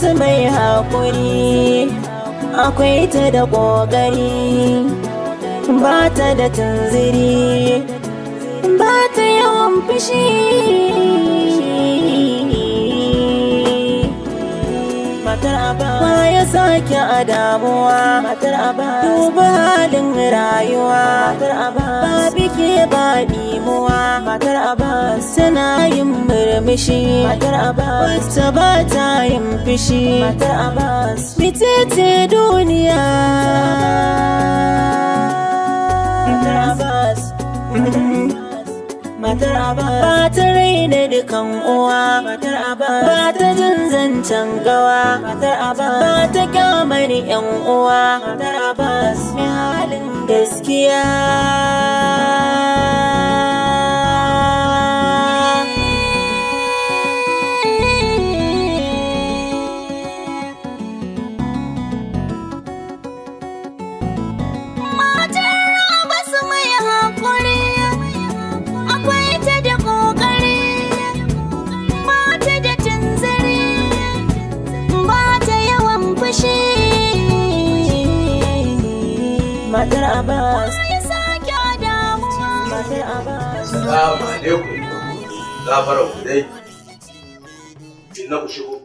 su mai haƙuri akwai ta da ƙoƙari ba ta da tunziri ba ta yawan fushi ba ya sake a damuwa duba halin rayuwa ba bike ba ɗimuwa suna yin murmushi wata ba ta yin fishi mitete duniya Matar Abbas. Ba ta raina dukan uwa. ba ta jin zancen gawa ba ta kyamar yan uwa mai halin gaskiya matar Abbas. Matar Abbas. Salamu alaikum. Gafara ku dai. Na ku shigo.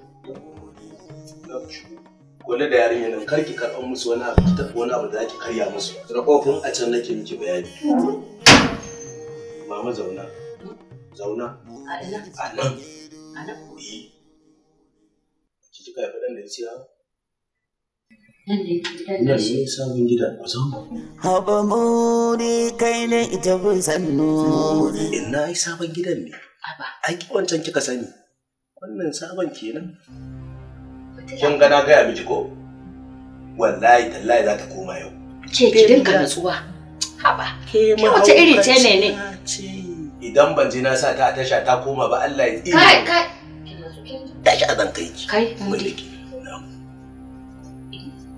Na ku shigo. Kula da yarinya nan karki karɓar musu wani abu ta wani abu da karya musu. Rakofin a can nake miki bayani. Mama zauna. Zauna. A nan. A nan. Ki ji kai faɗan da ya ce ha? Haba muri kai na ita bin sannu. Ina yi sabon gidan ne. aiki wancan kika sani. Wannan sabon kenan. Kin gana gaya miki ko? Wallahi tallahi za ta koma yau. Ce ki dinka natsuwa. Haba. Ke wace iri ce ne ne? Idan ban je na sa ta a tasha ta koma ba Allah ya tsira. Kai kai. Tasha zan kai ki. Kai. Kai.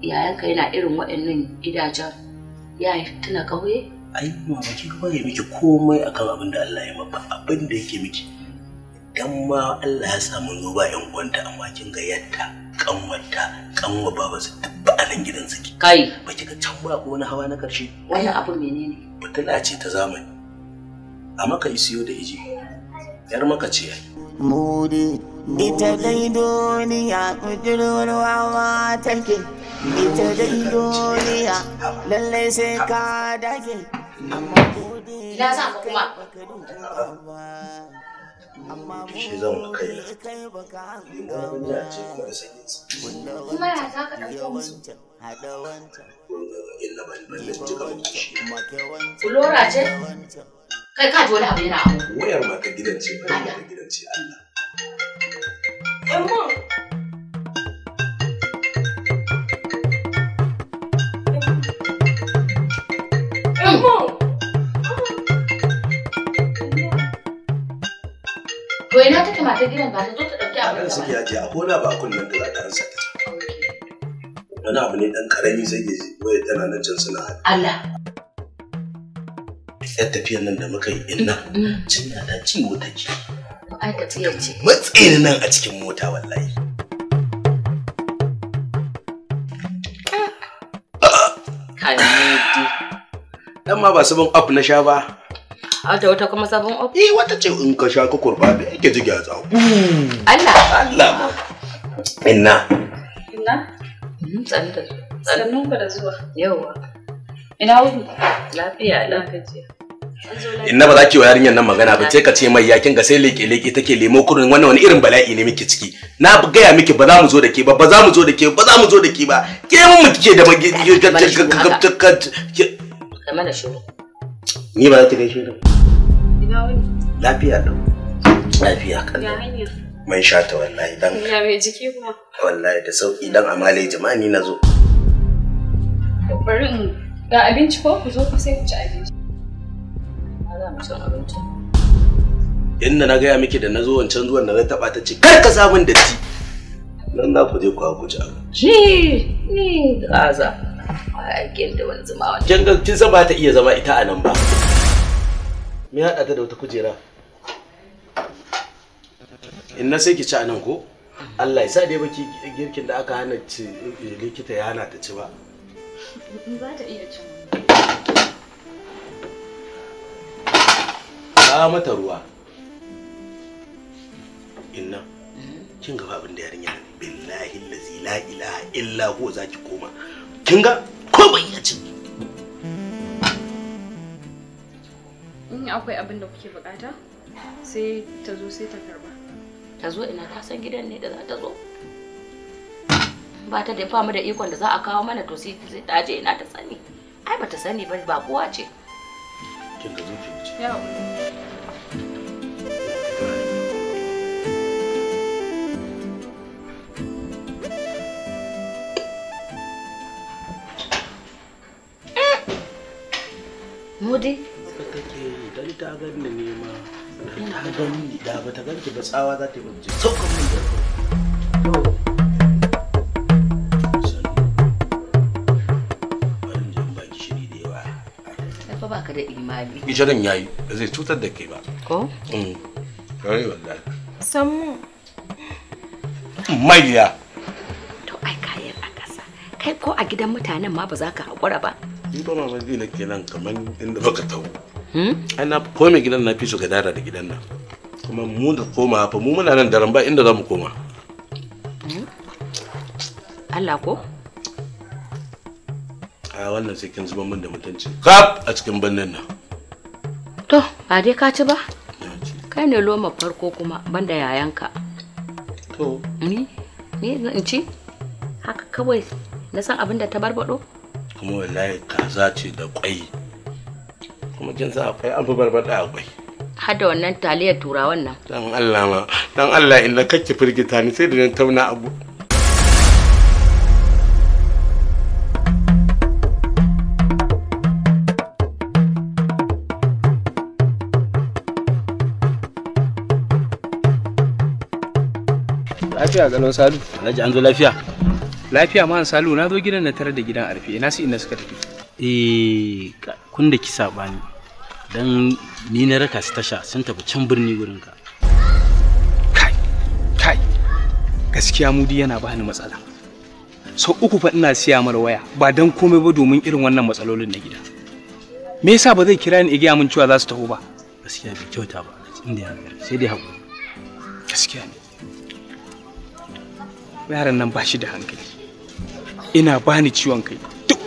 ka yana irin waɗannan gidajen ya tuna A ai mamaki ba ya miki komai akan abin da Allah ya mabba abin da yake miki dan ma Allah ya samu noba ba yan uwanta amma kin ga yatta kanwarta kanwa ba su tabba a nan gidan saki kai ba ki ga can ba ko wani hawa na karshe wannan abu menene fitila ce ta zamani a maka isiyo da iji yar maka ce ai mudi ita dai duniya kudurwa take ita da duniya lallai sai ka dage amma kudi ina ka kuma amma kudi kai baka ka ɗauke musu haɗa wancan kulora ce kai ka ji wani abu yana abu wayar ma ta gidan ce ba ta gidan ce Allah mata gidan ba ta zo ta ɗauki abin da suke ajiye a koda ba kunnen da za ta ansa ta wani abu ne ɗan karami sai ke waya tana nan can suna haɗu. Allah. Yar tafiyar nan da muka yi inna. Mm. nan ta ci mota ke. Ai tafiyar ce. Matsayin nan a cikin mota wallahi. Ah. Dan ma ba su bin na sha ba. Wata wata kuma sabon ofis? Eh wata ce in ka sha ka kurba da yake ji gyatsa. Allah. Allah ma. Inna. Inna. Mhm, da zuwa. Yawwa. Ina wuni? Lafiya ina gajiya. Inna ba za ki wa yarinyar nan magana ba sai ka ce mai yakin ga sai leke leke take lemo kurin wannan wani irin bala'i ne muke ciki. Na gaya miki ba za mu zo da ke ba ba za mu zo da ke ba za mu zo da ke ba. Ke mun mu kike da Kamar da shiru. Ni ba za ki gaishe da. Lafiya ɗin. Lafiya kan. Ya sha ta wallahi dan. Ya mai jiki kuma. Wallahi da sauki dan amale jimani na zo. Bari ga abinci ko ku zo ku sai ku ci abinci. Za mu ci abinci. Inda na gaya miki da na zo wancan zuwan da na taɓa ta ce kar ka samun datti. Nan na ku je ku hagu ci abinci. Ni ni gaza. Aikin da wani zuma wani. Kin ga kin san ba ta iya zama ita a nan ba. Me haɗa ta da wata kujera? in na sai ki ci anan ko Allah ya sa dai baki girkin da aka hana ci eh, likita ya hana ta ci ba za ta iya ci ba mata ruwa inna hmm? kin ga abin da yarinya billahi allazi la ilaha illa huwa zaki koma kin ga ko ban iya ci in akwai abin da kuke bukata sai ta zo sai ta karba ta zo ina ka san gidan ne da za ta zo ba ta da famu da ikon da za a kawo mana to sai ta ina ta sani ai bata sani ba ba kowa ce kin ga zuci ce eh! Mudi? Ka take dan ta ta gani da ba ta ganki ba tsawa za ta yi bamje saukan min da baka da imani. Gishirin yayi zai cutar da ke ba. Ko? Mm. Kare wallahi. Sammu. Maiya. To ai kayan a ƙasa. Kai ko a gidan mutanen ma ba za ka haƙura ba. Ni ba mamaki na nan kamar inda baka tawo. Hmm? an na ko mai gidan na fi su gadara da gidan nan kuma mu da koma fa mu muna nan daren ba inda za mu koma hmm? Allah ko a wannan sai kin zuba min da mutunci kaf a cikin bannin nan to ba dai ka ci ba kai ne loma farko kuma banda yayanka to ni hmm? ne in ci haka kawai na san abin da ta barbado kuma wallahi kaza ce da kwai kuma kin sa akwai an fi barbada akwai hada wannan taliyar turawan nan dan Allah ma dan Allah inda kake firgita ni sai da nan tauna abu lafiya galon salu alhaji an zo lafiya lafiya ma an salu na zo gidan na tare da gidan arfi ina su inda suka tafi eh kun da ki sabani dan ni na raka su tasha sun tafi can birni gurin ka kai kai gaskiya mudi yana ba ni matsala sau uku fa ina siya mara waya ba dan komai ba domin irin wannan matsalolin na gida me yasa ba zai kira ni igiya mun cewa za su taho ba gaskiya bai kyauta ba inda ya sai dai hakuri gaskiya ne yaran nan ba shi da hankali ina bani ciwon kai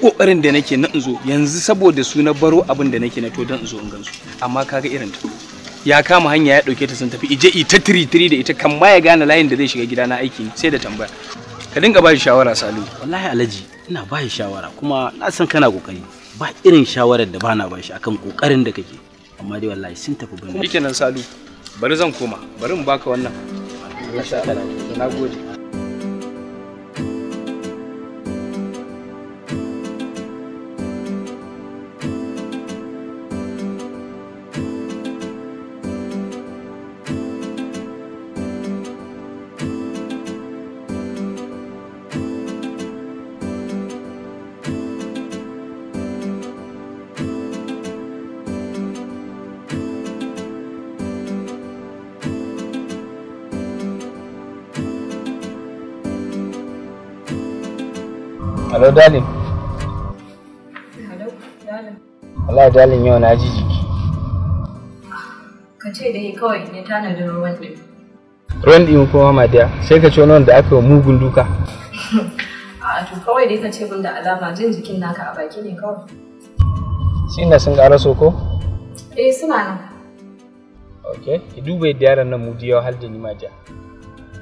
kokarin da nake na zo yanzu saboda su na baro abin da nake na to dan zo in gansu amma kaga irin ta ya kama hanya ya dauke ta sun tafi ije ita tiri tiri da ita kan ma ya gane layin da zai shiga gida na aiki sai da tambaya ka dinga ba shi shawara salu wallahi alhaji ina ba shawara kuma na san kana kokari ba irin shawarar da bana ba shi akan kokarin da kake amma dai wallahi sun tafi bane shikenan salu bari zan koma bari in baka wannan Allah ya na gode Hello darling. Hello darling. darling yau na ji jiki. Ka ce dai kawai ne tanadin ruwan ɗin. Ruwan ɗin kuma ma daya sai ka wani wanda aka yi mugun duka. A'a to kawai dai ka ce bin da alama jin jikin naka a baki ne kawai. Shi sun ƙara so ko? Eh suna nan. Ok, ki duba yadda yaran nan mu ji har da ni ma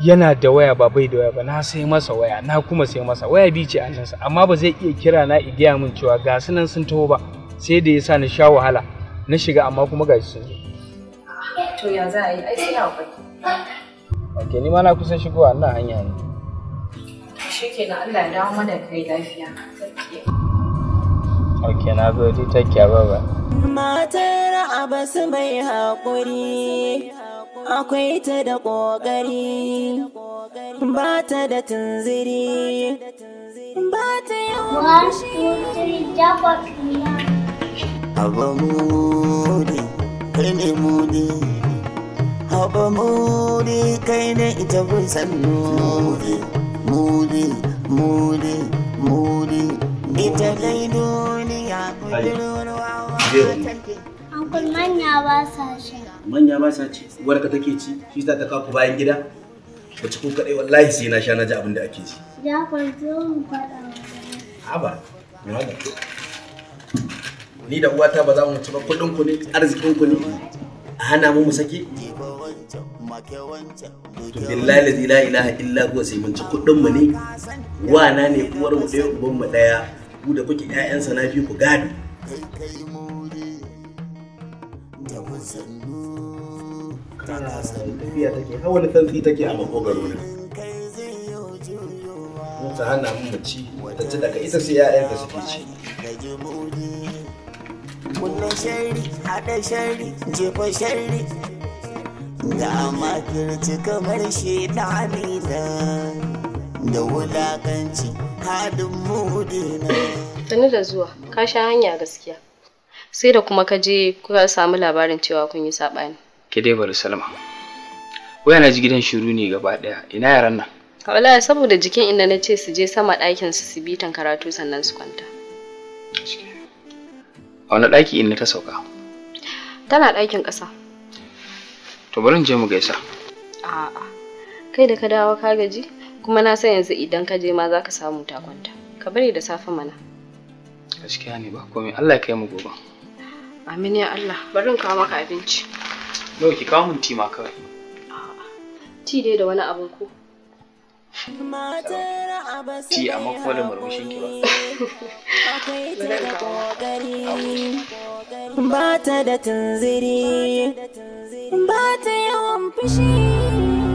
yana da waya ba bai da waya ba na sai masa waya na kuma sai masa waya bi ce sa, amma ba zai iya kira na igiya min cewa ga su nan sun taho ba sai da yasa na sha wahala na shiga amma kuma ga sun zo to ya za a yi ai sai ba ke ni ma na kusa shigo a nan hanya ne na Allah ya dawo mana kai lafiya Ok, na gode, take care, baba. Matar Abbas mai haƙuri. akwai ta da ƙoƙari ba ta da tunziri ba ta yawan Haba mudi, kai ne mudi, haba mudi, kai ne ita bai sannu mudi, mudi, mudi, mudi, ita dai duniya wa wata ke an kulmanya ba sa shi. manya ba sa ci uwar ka take ci shi za ta kaku bayan gida ba ci ko kadai wallahi sai na sha na ji abin da ake ci ya kwanto mu fada haba me haka ni da uwata ba za mu ci ba kudin ku ne arzikin ku ne a hana mu mu saki to billahi la ilaha illa huwa sai mun ci kuɗin mu ne wana ne uwar mu ɗaya uban mu ɗaya ku da kuke ƴaƴansa na biyu ku gado kai kai muri da sannu tana san tafiya take take a makogaro ne hana mu ta ci daga ita sai suke ci shari haɗa shari jefa shari da da zuwa ka sha hanya gaskiya sai da kuma ka je kuka samu labarin cewa kun yi saɓani ke dai bari salma waya na ji gidan shiru ne gaba daya ina yaran nan wallahi saboda jikin inda na ce su je sama ɗakin su su bitan karatu sannan su kwanta a wani ɗaki inda ta sauka tana ɗakin ƙasa to bari je mu gaisa a'a kai da ka dawo ka gaji kuma na san yanzu idan ka je ma za ka samu ta kwanta ka bari da safe mana gaskiya ne ba komai Allah ya kai mu gobe amin ya Allah bari in kawo maka abinci Nawa ki kawo min tima kawai. Ti dai da wani abin ko. Ti a kuma da murmushin ki ba. Ba ta da tunziri, ba ta yawan fushi.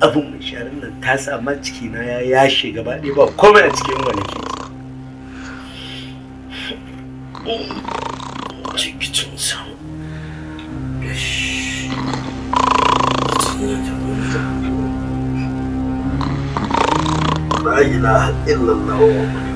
abin mai sharin nan ta sama ciki na ya yashe gaba ɗaya ba komai a cikin wani ke cikin samu la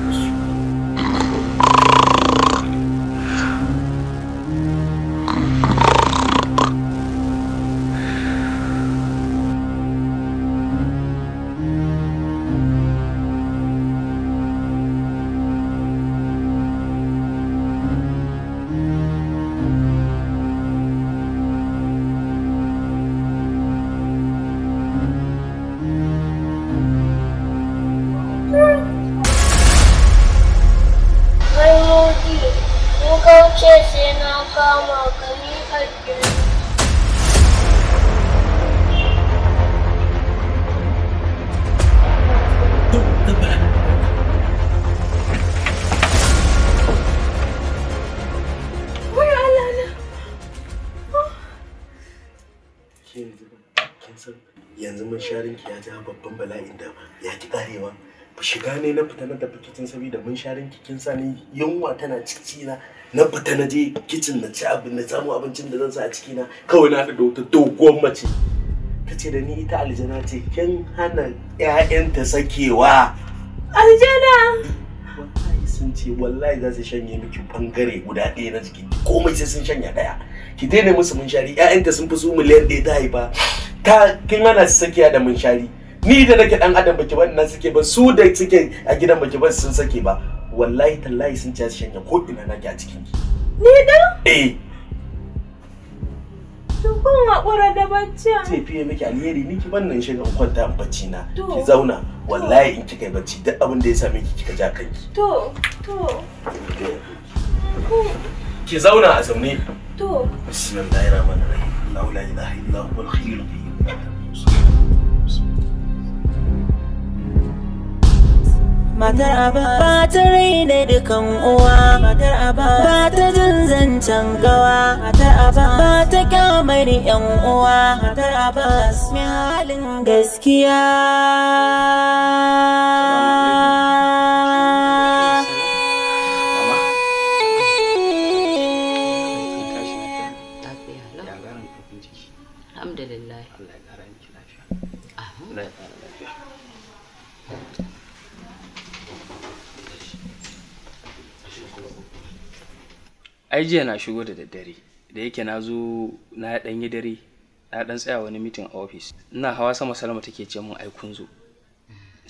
tun saboda mun sharin kikin sani yunwa tana ciki na na fita na je kicin na ci abin na samu abincin da zan sa a ciki na kawai na da ta doguwar mace ta ce da ni ita aljana ce kin hana ƴaƴanta sakewa aljana wallahi sun ce wallahi za su shanye miki bangare guda ɗaya na jiki komai sai sun shanya ɗaya ki daina musu munshari ƴaƴanta sun fi su miliyan ɗaya ta haifa ta kin hana su sakiya da munshari ni da nake dan adam baki ban nan suke ba su da suke a gidan baki ban sun sake ba wallahi tallahi sun ci shanya ko ina nake a cikin ki ni da eh kun hakura da bacci ce ah. fiye miki alheri ni wannan shi nan shiga kwanta in bacci na ki zauna wallahi in kika yi bacci duk abin da ya same ki kika ja kanki to to ki zauna a zaune to Bismillahirrahmanirrahim. rahmanir rahim la ilaha illa huwal khayyul qayyum matar aba ba ta raina dukan uwa matar aba ba ta jin zancen gawa matar aba ba ta kyamar yan uwa matar aba mai halin gaskiya ai jiya na shigo da daddare da yake na zo na dan yi dare na dan tsaya wani mitin a ofis ina hawa sama salama take ce min ai kun zo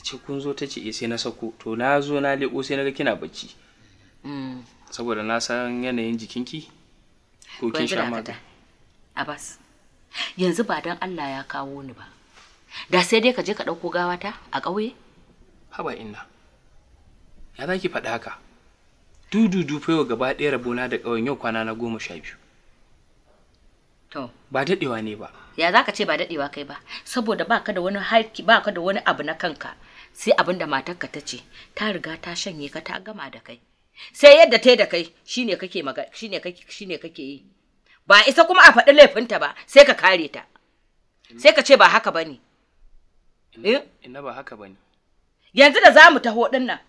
ce kun zo ta ce eh, sai na sako to na zo na leko sai na ga kina bacci saboda na san yanayin jikinki ko kin sha Abbas yanzu ba dan Allah ya kawo ni ba da sai dai ka je ka ɗauko gawata a ƙauye haba inna ya za ki haka dududu fa yau gaba ɗaya rabona da ƙauyen yau kwana na goma sha biyu to ba daɗewa ne ba ya za ka ce ba daɗewa kai ba saboda ba ka da wani ba ka da wani abu na kanka sai abin da matarka ta ce ta riga ta shanye ka ta gama da kai sai yadda ta da kai shine kake maga shine kake shine kake yi ba isa kuma a faɗi laifinta ba sai ka kare ta sai ka ce ba haka ba ne. ina eh? ba haka ne. yanzu da za mu taho ɗin nan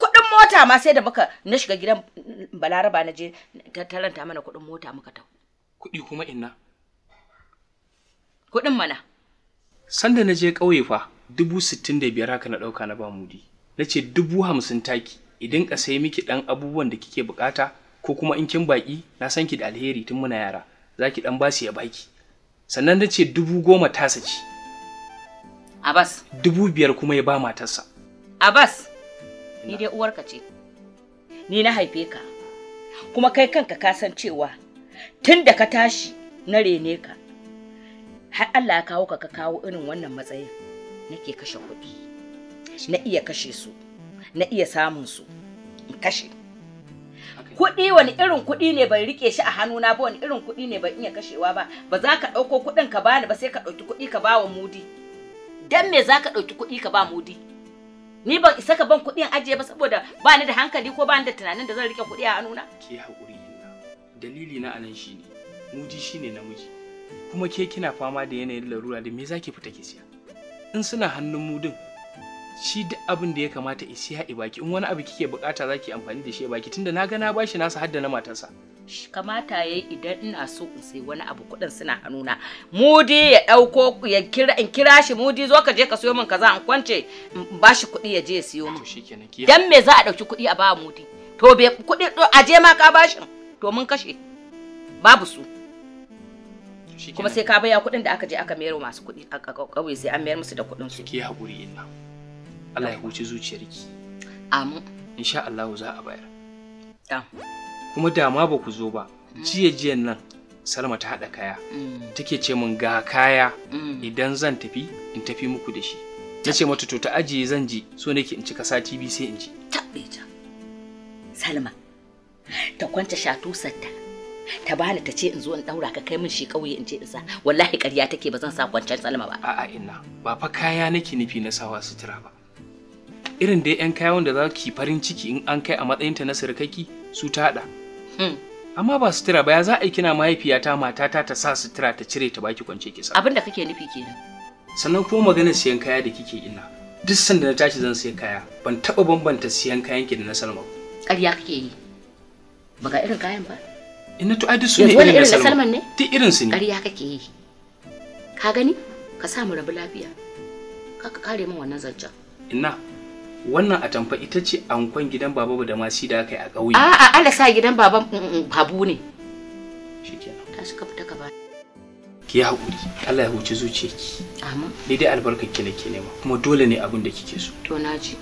kuɗin mota ma sai da muka na shiga gidan balaraba na je tattalanta mana kuɗin mota muka tafi kuɗi kuma inna kuɗin mana sanda na je ƙauye fa dubu sittin da biyar haka na ɗauka na ba mudi na ce dubu hamsin taki idan ka sai miki ɗan abubuwan da kike buƙata ko kuma in kin baƙi na san ki da alheri tun muna yara za ki ɗan basu ya baki sannan na ce dubu goma tasa Abbas. Dubu biyar kuma ya ba matarsa. Abbas. ni dai uwarka ce ni na haife ka kuma kai kanka ka san cewa tun da ka tashi na rene ka har Allah ya kawo ka ka kawo irin wannan matsayin nake kashe kuɗi na iya kashe su na iya samun su in kashe kuɗi wani irin kuɗi ne bai rike shi a hannuna ba wani irin kuɗi ne bai iya kashewa ba ba za ka ɗauko kuɗin ka bani ba sai ka ɗauki kuɗi ka ba wa mudi dan me za ka ɗauki kuɗi ka ba mudi Ni ban isa ka ban kuɗin ajiye ba saboda ba ni da hankali ko ba ni da tunanin da zan rike kuɗi a hannuna. Ke haƙuri na. Dalili na anan shine muji shine namiji. Kuma ke kina fama da yanayin larura da me zaki fita ke siya? In suna hannun mudun, shi duk abin da ya kamata isiya ibaki in wani abu kike bukata zaki amfani da shi ibaki tunda na ga na bashi nasa hadda na matarsa. kamata ya yi idan ina so in sai wani abu kuɗin suna hannuna mudi ya ɗauko ya kira in kira shi mudi zo ka je ka siyo min kaza in kwance in ba shi kuɗi ya je ya siyo min dan me za a ɗauki kuɗi a ba mudi to be kuɗi a je ma ka bashin to mun kashe babu su kuma sai ka baya kuɗin da aka je aka mayar masu kuɗi a ƙauye sai an mayar musu da kuɗin su ki haƙuri ina Allah ya huce zuciyarki amin insha Allah za a bayar Yeah. kuma dama ba ku zo ba mm. jiya jiyan nan salma ta haɗa kaya mm. take ce min ga kaya mm. idan zan tafi in tafi muku da shi na ce mata to ta ajiye zan ji so nake in cika sati biyu sai in ji taɓe ta salma ta kwanta shatusarta ta bani ta ce in zo in daura ka kai min shi kauye in ce in sa wallahi ƙarya take ba zan sa kwancen salma ba a'a ina ba fa kaya nake nufi na sawa sutura ba irin dai yan kayan wanda za ki farin ciki in an kai a matsayinta na sirkaki su ta haɗa Hmm. amma ba sutura ba ya za a yi kina mahaifiyata matata ta sa sutura ta cire ta baki kwance kisa abin da kake nufi kenan sannan kuma maganar siyan kaya da kike ina duk sanda na tashi zan siya kaya ban taba bambanta siyan kayan ki da na salma ƙarya kake yi ba ga irin kayan ba ina to ai duk su ne irin na salma ne duk irin su ne ƙarya kake yi ka gani ka sa mu rabu lafiya ka kare min wannan zancen ina wannan atamfa ita ce ankon gidan baba da ma da aka yi a ƙauye a'a ala sa gidan baban mm, mm, babu ne shikenan ta suka fita gaba. Ki ki haƙuri Allah ya huce zuciyarki amin ni dai albarkar ki nake nema kuma dole ne abin da kike so to naji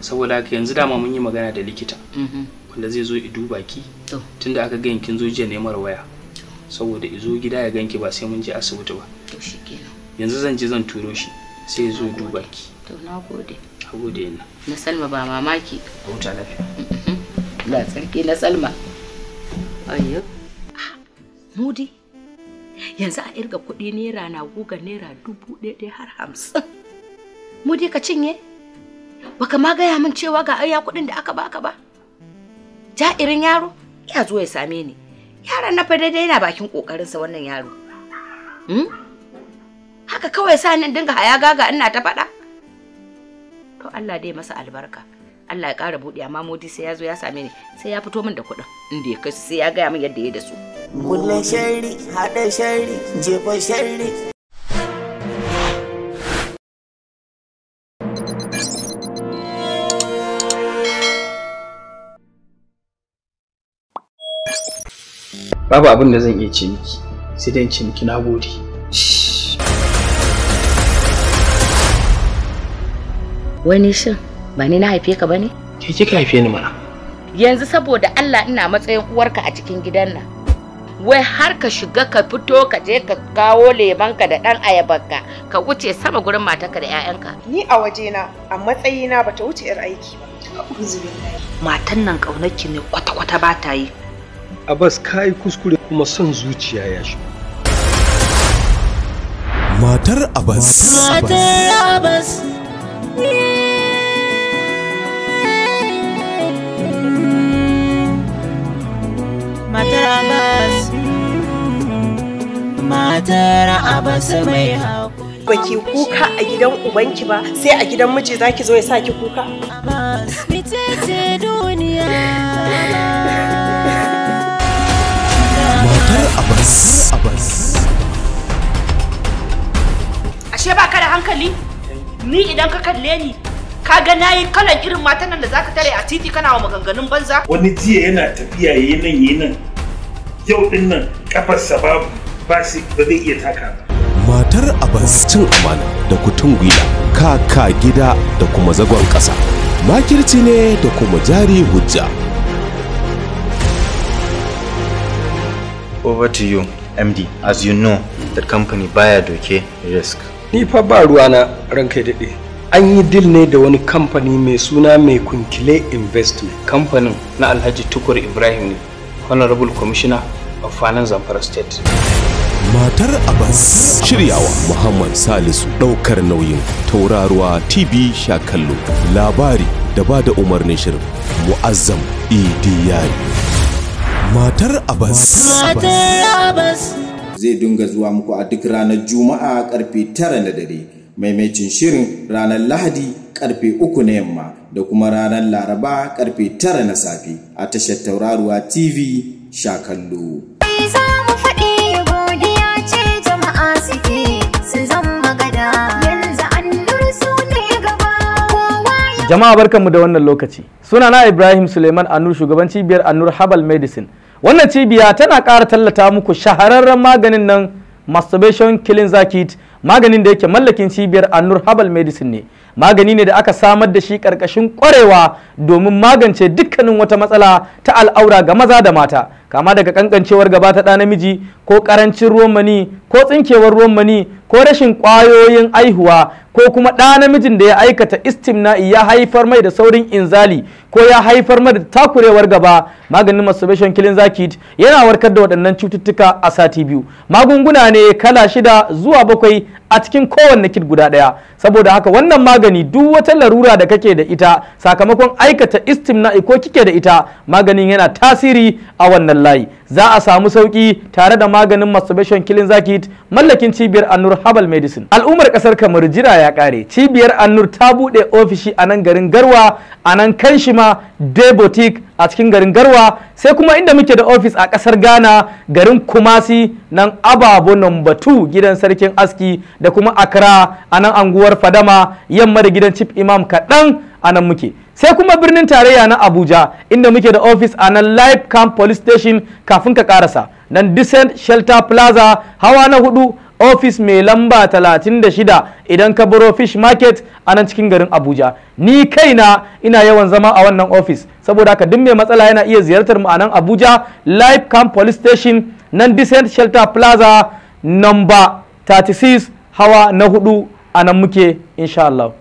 saboda haka yanzu dama mun yi magana da likita mm-hmm. wanda zai zo i duba ki tunda aka ga kin zo jiya neman waya saboda izo gida ya ganki ba sai mun je asibiti ba to shikenan yanzu zan je zan turo shi sai ya zo duba ki to nagode gode ni na salma ba mamaki a huta lafiya mm-hmm. la tsarki na salma ayyo mudi yanzu a irga kuɗi naira na guga naira dubu ɗaya har hamsin mudi ka cinye baka ma gaya min cewa ga aya kuɗin da aka baka ba jairin yaro ya zo ya same ni yaron na fa daidai yana bakin kokarinsa wannan yaro hmm? haka kawai sa nan dinga haya gaga ina ta faɗa to Allah dai masa albarka Allah ya kara buɗe amma modi sai ya zo ya same ni sai ya fito min da kuɗin inda ya kashi sai ya gaya min yadda ya da su. Kulle shari, haɗa shari, jefa shari. Babu abin da zan iya ce miki, sai dai in ce gode. Wani shin ba ni na haife ka ba ne? Ke kika haife ni mana. Yanzu saboda Allah ina matsayin uwarka a cikin gidan nan. Wai har ka shiga ka fito ka je ka kawo lemanka da ɗan ayabarka ka wuce sama gurin matarka da 'ya'yanka. Ni a wajena a matsayina bata wuce 'yar aiki ba. Matan nan ƙaunarki ne kwata-kwata ba ta yi. Abbas ka yi kuskure kuma son zuciya ya shi. Matar Abbas. Matar Abbas. Abbas matar Abbas mai hako. baki kuka a gidan ubanki ba sai a gidan miji zaki zo ya saki kuka matar ashe ba ka da hankali ni idan ka kalle ni ka ga nayi kalan irin matan nan da zaka tare a titi kana wa maganganun banza wani jiya yana tafiya yayin nan yayin yau din nan kafarsa babu ba zai iya taka ba matar abbas cin amana da kutun gwila kaka gida da kuma zagon ƙasa makirci ne da kuma jari hujja over to you md as you know the company baya doke risk ni fa ba ruwana ranka daɗe an yi dil ne da wani kamfani mai suna mai kunkile investment kamfanin na alhaji tukur ibrahim ne honorable commissioner of finance zamfara state matar abbas shiryawa muhammad salisu ɗaukar nauyin tauraruwa tv sha kallo labari da ba da umarnin shirin mu'azzam idiyari e matar abbas zai dinga zuwa muku a duk ranar juma'a karfe tara na dare maimacin shirin ranar lahadi karfe uku na yamma da kuma ranar laraba karfe tara na safe a tashar tauraruwa tv sha kallo. jama'a barkanmu da wannan lokaci suna na ibrahim suleiman anur shugaban cibiyar anur habal medicine wannan cibiya tana ƙara tallata muku shahararren maganin nan masturbation killing zakit maganin da yake mallakin cibiyar annur herbal medicine ne magani ne da aka samar da shi karkashin kwarewa domin magance dukkanin wata matsala ta al'aura ga maza da mata kama daga kankancewar gaba ta namiji ko karancin ruwan mani ko tsinkewar ruwan mani ko rashin kwayoyin aihuwa ko kuma ɗa namijin da ya aikata istimna'i ya haifar mai da saurin inzali ko ya haifar mai da takurewar gaba maganin masturbation killing zakit yana warkar da waɗannan cututtuka a sati biyu magunguna ne kala shida zuwa bakwai a cikin kowanne kit guda ɗaya saboda haka wannan magani duk wata larura da kake da ita sakamakon aikata istimna'i ko kike da ita maganin yana tasiri a wannan layi za a samu sauki tare da maganin masturbation killing zakit mallakin cibiyar annur herbal medicine al'ummar kasar kamar jira ya kare cibiyar annur ta buɗe ofishi a nan garin garwa a nan kanshima boutique. a cikin garin garwa sai kuma inda muke da ofis a kasar ghana garin kumasi nan ababo number 2 gidan sarkin aski da kuma accra a nan anguwar fadama yamma da gidan chief imam kaɗan a nan muke sai kuma birnin tarayya na abuja inda muke da ofis a nan live camp police station kafin ka karasa nan descent shelter plaza hawa na hudu ofis mai lamba 36 idan ka baro fish market a nan cikin garin abuja ni kai na ina yawan zama a wannan ofis saboda haka duk mai matsala yana iya ziyartar mu a nan abuja live camp police station nan descent shelter plaza number 36 hawa na hudu a nan muke insha Allah.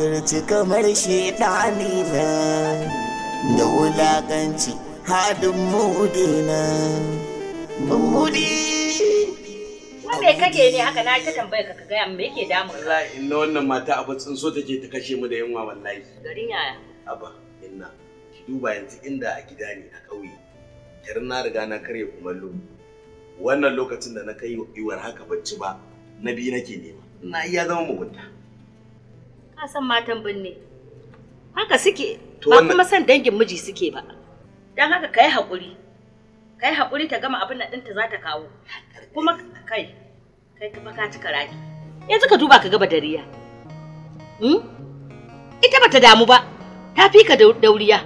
kirci kamar shaidani na da wulaƙanci hadin mudi na mudi me kake ne haka na ta tambaya ka gaya me yake damun ka wallahi inna wannan mata abu tsinso take ta kashe mu da yunwa wallahi garin yaya aba inna ki duba yanzu inda a gida ne a ƙauye garin na riga na karya kumallo wannan lokacin da na kai iwar haka bacci ba na biyu nake nema ina iya zama mugunta Ka san matan binne. Haka suke, ba kuma san dangin miji suke ba. Dan haka ka yi haƙuri. Ka yi haƙuri ta gama abin nan ta za ta kawo. Kuma kai, kai ka ka cika raki. Yanzu ka duba ka gaba dariya. Hmm? Ita ba ta damu ba, ta fi ka dauriya.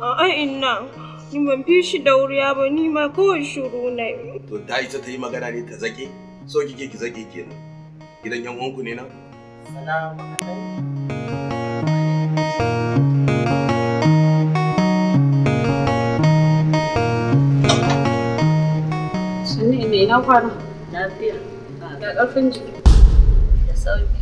A'a inna, ni ban fi shi dauriya ba ni ma kawai shuru ne. To ta isa ta yi magana ne ta zake, so kike ki zake kenan. Gidan yan uwanku ne nan? السلام عليكم ina kwana lafiya ga karfin jiki da sauki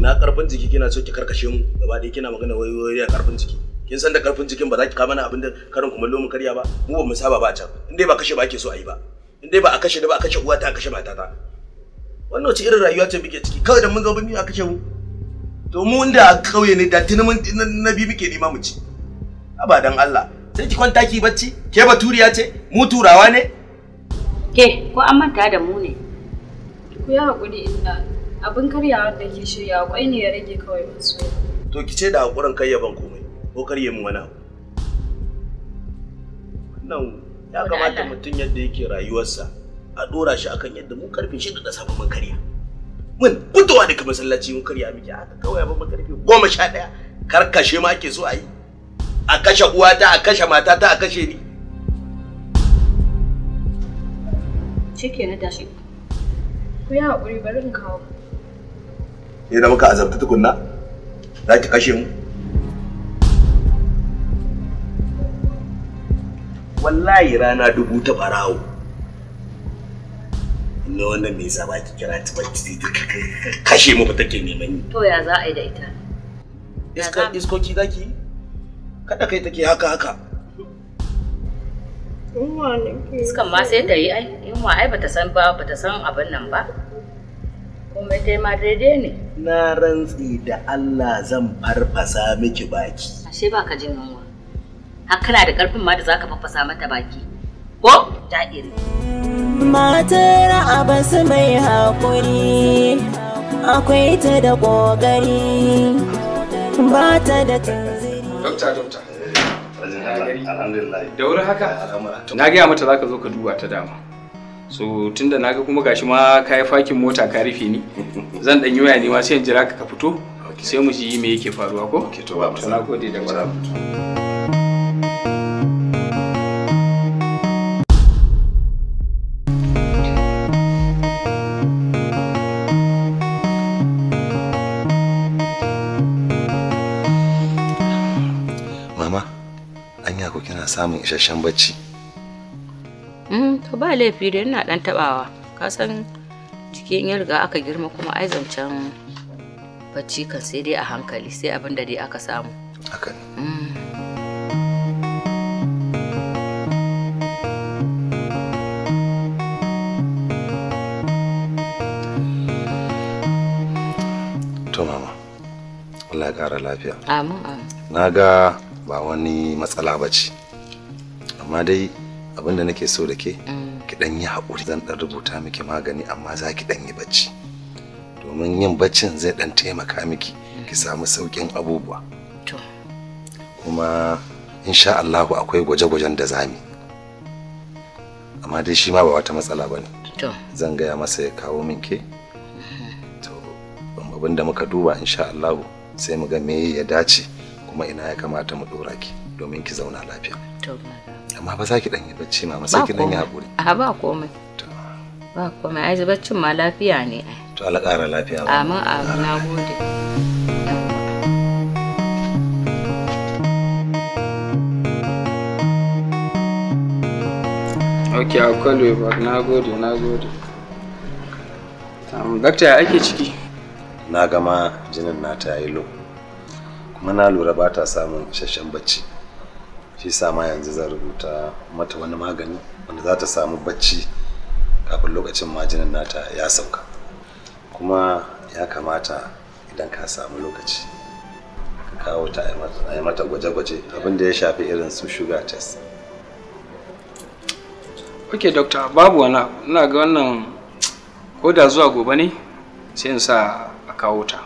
na karfin jiki kina so ki karkashe mu gaba ɗaya kina magana wayoyi a karfin jiki kin san da karfin cikin ba za ki kawo mana abin da karin kumallo mu karya ba mu ba mu saba ba can in dai ba kashe ba ake so a yi ba in dai ba a kashe da ba a kashe uwa ta kashe mata ta wannan ce irin rayuwa ce muke ciki kawai da mun ga birni a kashe mu to mu inda kauye ne da tuni mun na bi muke nema mu ci haba dan Allah sai ki kwanta ki bacci ke baturiya ce mu turawa ne ke ko an manta da mu ne ku ya hakuri inda abin karyawa da ke shirya kwai ne ya rage kawai masu to ki ce da hakurin kai ban komai ko karye mu wani abu wannan ya kamata mutum yadda yake rayuwarsa a dora shi akan yadda mu karfe shi da safe mun karya mun fitowa daga masallaci mun karya miki haka kawai abin babban karfe goma sha ɗaya karkashe ma ake so a yi a kashe uwata a kashe matata a kashe ni shike na dashi ku yi haƙuri bari in kawo ne da muka azabta tukunna za ki kashe mu wallahi rana dubu ta barawo na wanda mai yasa ba ki kira ta ba ki ta kashe mu take neman ni to ya za a yi da ita iska iskoki zaki kada kai take haka haka iskan ma sai ta yi ai in ma ai bata san ba bata san abin nan ba komai dai ma daidai ne na rantsi da Allah zan farfasa miki baki ashe ka jin yunwa har kana da karfin ma da zaka farfasa mata baki ko ja'iri matar abas mai haƙuri akwai ta da ƙoƙari ba ta da tunziri da wuri haka na gaya mata za ka zo ka duba ta dama so tunda naga kuma gashi ma ka yi fakin mota ka rufe ni zan ɗan yi waya ne ma sai in jira ka fito sai mu ji me yake faruwa ko to ba na gode da wani samun isasshen bacci mm, to ba laifi da ina dan tabawa ka san cikin ya riga aka girma kuma ai zancen bacci kan sai dai a hankali sai abin da dai aka samu haka ne mm. Allah ya kara lafiya. Amin. Na ga ba wani matsala ba amma dai abinda nake so da ke mm. ki dan yi haƙuri zan dan rubuta miki magani amma za ki dan yi bacci domin yin baccin zai dan taimaka miki ki samu sauƙin abubuwa kuma insha Allah akwai gwaje-gwajen da zami amma dai shi ma ba wata matsala ba ne zan gaya masa ya kawo min ke mm-hmm. to um, abin da muka duba insha Allah sai mu ga me ya dace kuma ina ya kamata mu dora ki domin ki zauna lafiya to amma ba za ki dan yi bacci ma sai ki dan yi hakuri a ba komai ba komai ai baccin ma lafiya ne to Allah ƙara lafiya amin amin nagode Ok, kwallo ba, na gode, na gode. Dakta ya ake ciki? Na gama jinin nata ya yi lo, kuma na lura ba ta samun isasshen bacci. shi ma yanzu zan rubuta mata wani magani wanda za ta samu bacci kafin lokacin majinin nata ya sauka kuma ya kamata idan ka samu lokaci ka kawo ta a mata gwaje-gwaje abin da ya shafi irin su sugar test ok dokta babu wani ina ga wannan koda zuwa gobe ne sai in sa a kawo ta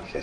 okay.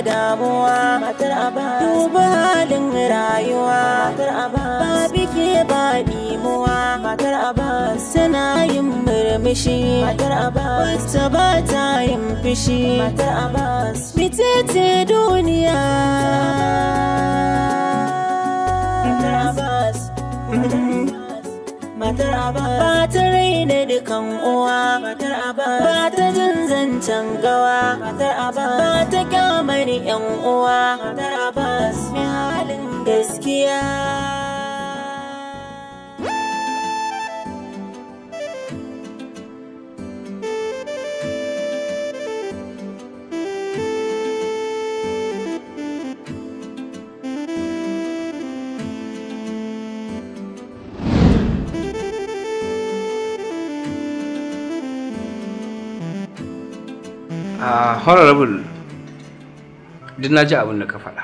damuwa duba halin rayuwa matar ba bike ba suna yin murmushi matar wata ba ta yin fishi matar duniya matar abba ba ta raina dukan uwa ba ta jin zancen gawa ba ta kyamar yan uwa mai halin gaskiya a honorable duk na ji abin da ka faɗa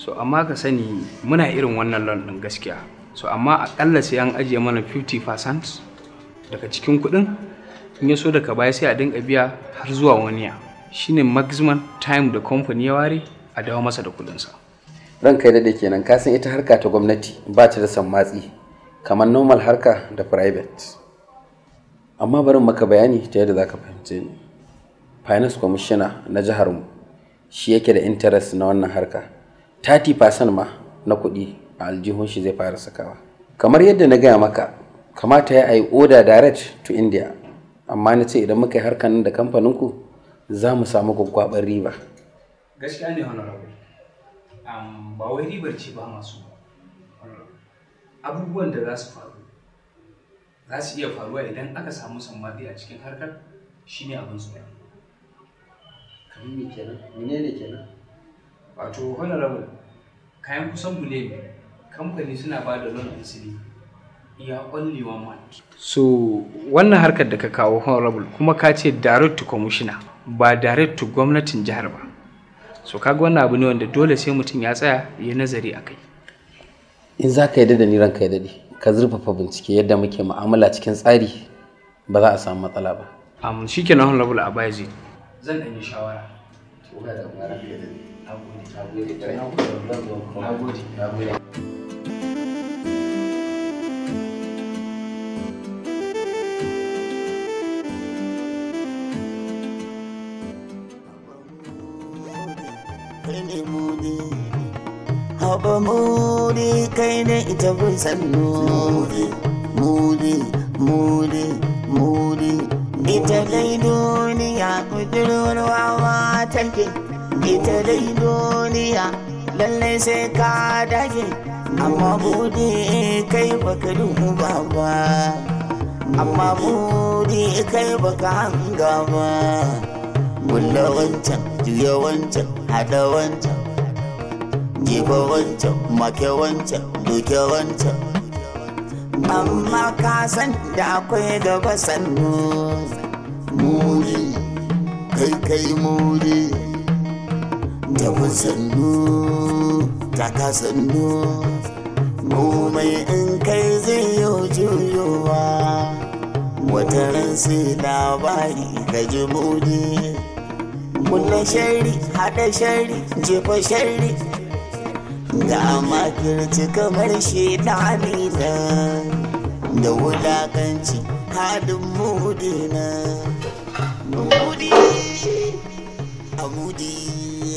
so amma ka sani muna irin wannan london gaskiya so amma akalla sai an ajiye mana 50% daga cikin kuɗin in ya so daga baya sai a dinga biya har zuwa wani ya shine maximum time da kamfani ya ware a dawo masa da kuɗinsa ran kai daɗe kenan ka san ita harka ta gwamnati ba ta da matsi kamar normal harka da private amma barin maka bayani ta yadda za ka fahimce ni finance commissioner na jihar mu shi yake da interest na wannan harka 30% ma na kuɗi a aljihun shi zai fara sakawa kamar yadda na gaya maka kamata ya yi order direct to india amma na ce idan muka yi harkar nan da kamfanin ku za mu samu gwaggwabar riba gaskiya ne honorable um, ba wai ribar ce ba masu abubuwan da za su faru za su iya faruwa idan aka samu samadi a cikin harkar shine abin tsoro Mimi kenan, menene kenan? Wato honorable, kayan kusan bule kamfani suna ba da loan ɗinsu ya only one month. So wannan harkar da ka kawo honorable kuma ka ce direct to commissioner ba direct to gwamnatin jihar ba. So kaga wannan abu ne wanda dole sai mutum ya tsaya ya nazari a kai. In za ka yi da ni ranka ya daɗe, ka zurfafa bincike yadda muke mu'amala cikin tsari ba za a samu matsala ba. Um, shi kenan honorable Abayazi zan ɗanyi shawara Tura da kuma rafi da na gode na gode Haba mudi kai ne ita bin sannu mudi mudi mudi mudi ita dai duniya budurwa take ita dai duniya lallai sai ka dage amma bude kai baka duba ba amma bude kai baka hanga ba gulla wancan juya wancan hada wancan jefa wancan make wancan duke wancan amma ka san da akwai gaba sannu kai kai Mure, da sannu kaka sannu komai in kai zai yi juyowa wata ran sai labari ga jimoni mulla shari hada shari jefa shari da makirci kamar shi dani da wulakanci hadin mudina a mudi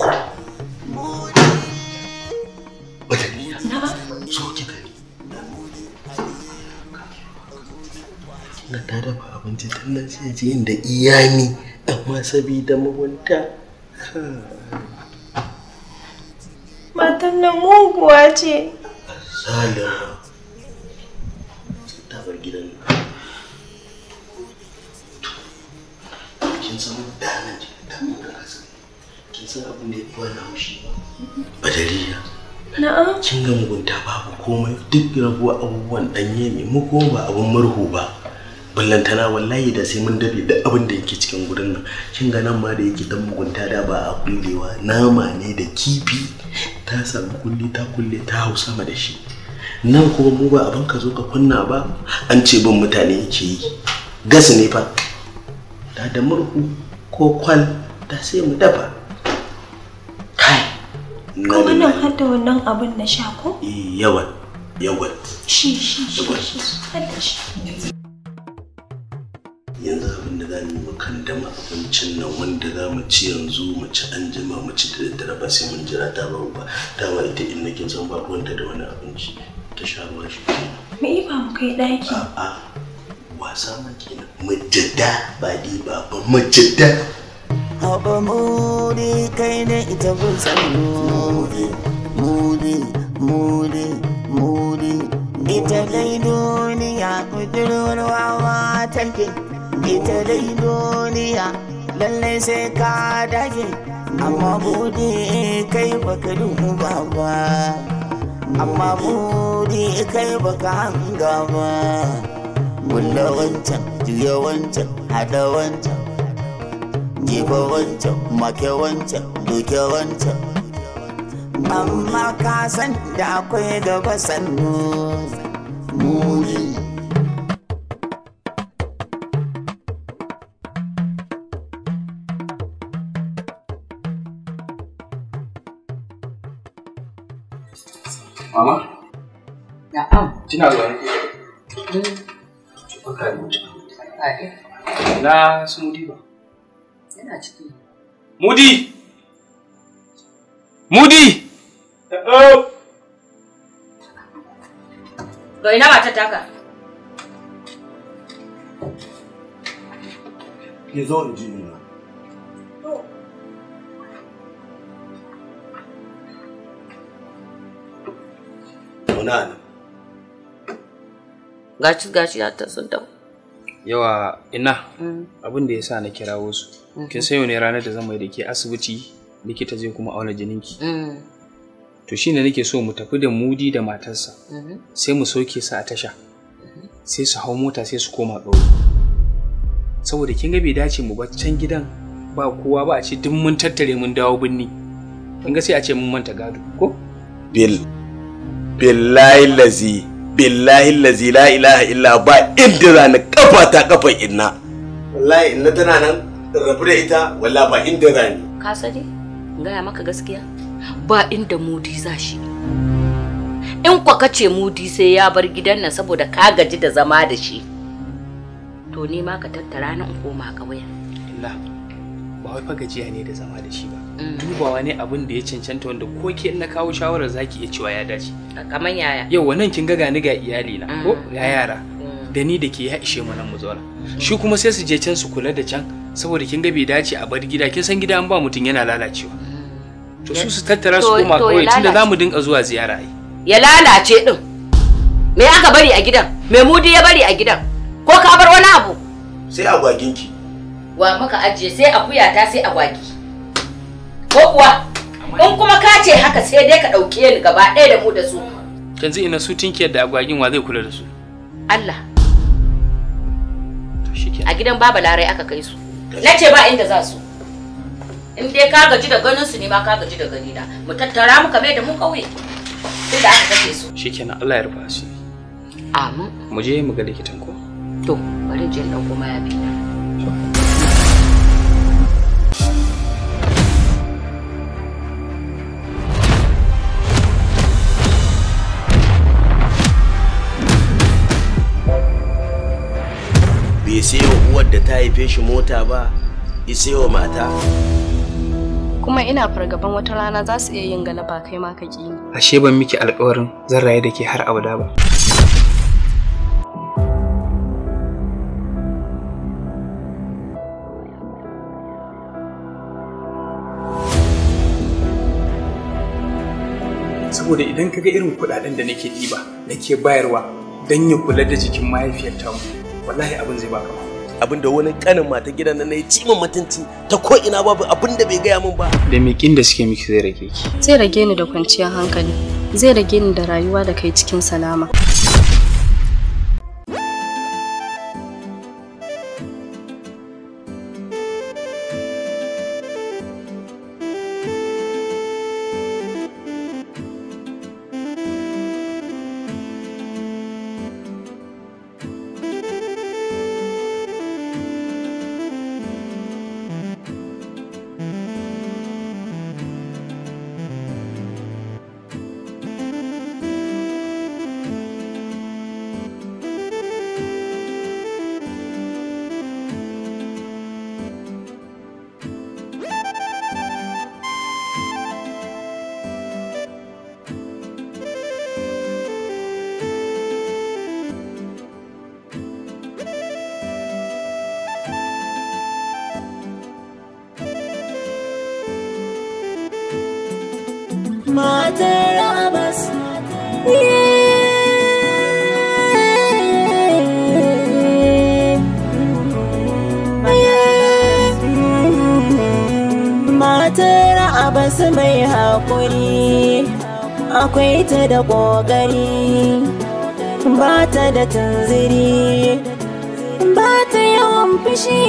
na ta dafa abinci tun nan sai ji inda iyami amma sabida mugunta matan nan muguwa ce zalima ta bar gidan kin san damin damin da san abin da na'am ga mugunta babu komai duk rabuwa abubuwan danye ne mu ko ba abun murhu ba ballantana wallahi da sai mun dabe duk abin da yake cikin gurin nan kin ga nan ma da yake dan mugunta da ba a kullewa nama ne da kifi ta samu kulle ta kulle ta hau sama da shi nan kuma mu ba abin ka zo ka kunna ba an ce bin mutane yake yi gas ne fa da da murhu ko kwal da sai mu dafa Kuma nan har wannan abin na sha ko? Yawan. E, Yawan. Shi shi shi. yanzu abin da za yi kan dama abincin nan wanda za mu ci yanzu mu ci an jima mu ci da daddare ba sai mun jira ta babu ba dama ita in nake ba wanda da wani abinci ta sha ruwa shi mu yi ba mu kai ɗaki a'a wasa ma kenan mu jidda ba ɗi ba mu jidda haba mudi kai ne ita bin mudi mudi mudi mudi ita dai duniya budurwar wawa take ita dai duniya lallai sai ka dage amma bude kai baka duba ba amma bude kai baka hanga ba bulla wancan juya wancan hada wancan jiba wancan make wancan duke wancan amma ka san da akwai gaba sannu muni Mama? Ya Na'am. Kina zuwa ne? Mm. Ki faka Ai. Eh. Na sun diba. Yana ciki. Mudi! Mudi! Ga ina taka? Ki zo in ji nuna. Muna nan. Gaci gaci ya ta sun yawa ina mm. abin da ya sa na kira wasu mm-hmm. kin sayo ne ranar da zan mai da ke asibiti likita zai kuma auna jininki mm. to shi ne nake so mu tafi da mudi da matarsa mm-hmm. sai mu soke sa a tasha mm-hmm. sai su hau mota sai su koma ɗauri saboda kin ga bai dace mu can gidan ba kowa ba a ce duk mun tattare mun dawo binni kin ga sai a ce mun manta gado ko bil billahi lazi billahi lazi la ilaha illa ba inda na kafa ta kafa inna wallahi inna tana nan rabu da ita wallahi ba inda rani ka sani gaya maka gaskiya ba inda mudi za shi in kwa kace mudi sai ya bar gidan nan saboda ka gaji da zama da shi to ni ma ka tattara ni in koma ƙauyen Allah ba wai fa gajiya ne da zama da shi ba mm. dubawa ne abin da ya cancanta wanda ko ke na kawo shawarar zaki iya cewa ya dace kamar yaya yau wannan kin ga ni ga iyali na ko mm. ga yara da ni da ke ya ishe mu nan mu zauna shi kuma sai su je can su kula da can saboda kin ga bai dace a bar gida kin san gida an ba mutum yana lalacewa to su su tattara su koma kawai tunda za mu dinga zuwa ziyara ai ya lalace din me aka bari a gidan me mudi ya bari a gidan ko ka bar wani abu sai agwaginki wa maka ajiye sai akuya ta sai agwagi ko kuwa in kuma ka ce haka sai dai ka ɗauke ni gaba ɗaya da mu da su yanzu ina su tinkiyar da agwagin wa zai kula da su Allah a gidan baba larai aka kai su na ce ba inda za su in dai ka gaji da ganin su ne ma ka gaji da gani na mu tattara mu kame da mu kauye tun da aka kashe su shikenan Allah ya rufa su amin mu je mu ga likitan ko to bari je dauko kuma ya fi bai wa uwar da ta haife shi mota ba ya wa mata kuma ina fargaban wata rana za su iya yin galaba kai ma ka ni. ashe ban miki alƙawarin zan raye da ke har abada ba saboda idan kaga irin kudaden da nake diba nake bayarwa don ya kula da jikin mahaifiyar tamu wallahi abin zai baka abin da wani kanin mata gidan nan ya ci min mutunci ta ko ina babu abin da bai gaya min ba da kin da suke miki zai rage ki zai rage ni da kwanciyar hankali zai rage ni da rayuwa da kai cikin salama ta a basu mai haƙuri akwai ta da ƙoƙari ba ta da tanziri ba ta yawan fushi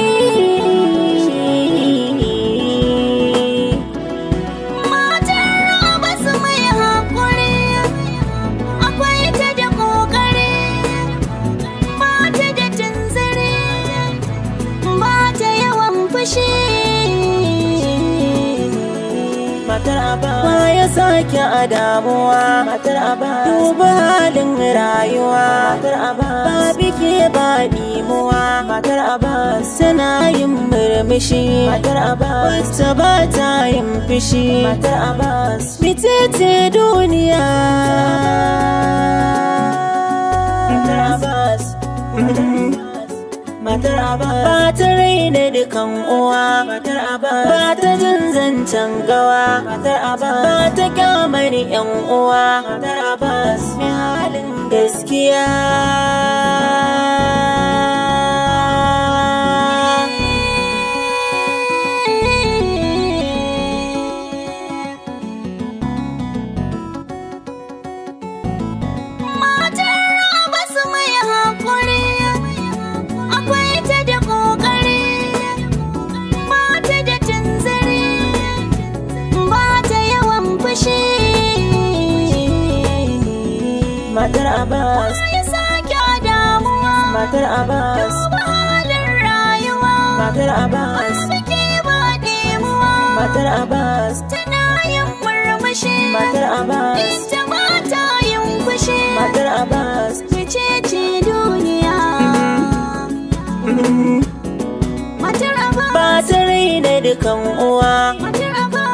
matar aba ba ya sake a damuwa matar aba duba halin rayuwa matar aba ba bike ba dimuwa matar aba suna yin murmushi matar aba ba ta yin fishi matar aba duniya matar aba mm-hmm. Matar ba ta raina dukan uwa. Matar aba ba ta jin zancen gawa. Matar aba ba ta kyamar yan uwa. Matar halin gaskiya. matar Abbas ya sake damuwa matar Abbas duba halin rayuwa matar Abbas suke ba demuwa matar Abbas tana yin murmushi matar Abbas ita ba ta yin kushi matar Abbas ce ce duniya matar Abbas ba ta rai raina dukan uwa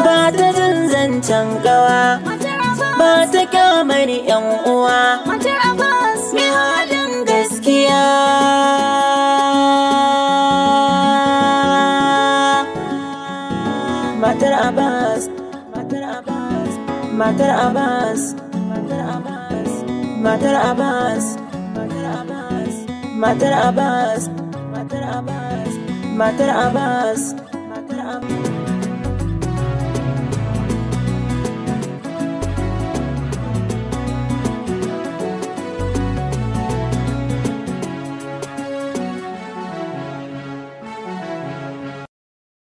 ba ta zanzancan gawa ba ta kyamar yan uwa matar abbas mai halin gaskiya matar abbas matar abbas matar abbas matar abbas matar abbas matar abbas matar abbas matar abbas matar abbas